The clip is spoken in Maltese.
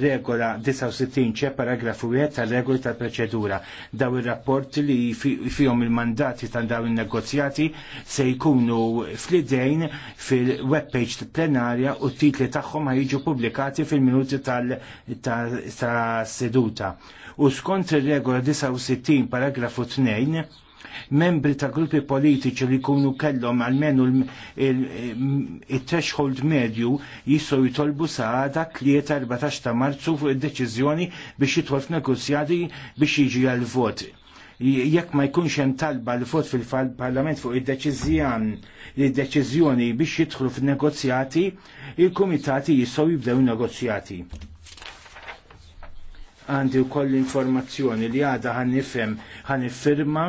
regola 69 ċe paragrafu 1 tal-regoli tal-proċedura. Daw il-rapport li fihom il-mandati ta' daw il-negozjati se jkunu fl-idejn fil-webpage plenarja u t-titli tagħhom ħajġu pubblikati fil-minuti tal-seduta. U skont il-regola 69 paragrafu 2 membri ta' gruppi politiċi li jkunu kellhom almenu il-threshold medju jistgħu jitolbu saħada klieta 14 ta' marzu fuq id-deċiżjoni biex jitwolf negozjati biex jiġi għal vot jekk ma jkunx hemm talba l vot fil-Parlament fuq id-deċiżjan li deċiżjoni biex jidħlu f'negozjati, il-kumitati jistgħu jibdew negozjati. Għandi wkoll informazzjoni li għada ħan nifhem ħan iffirma